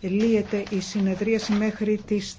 λύεται η συνεδρίαση μέχρι τις 4.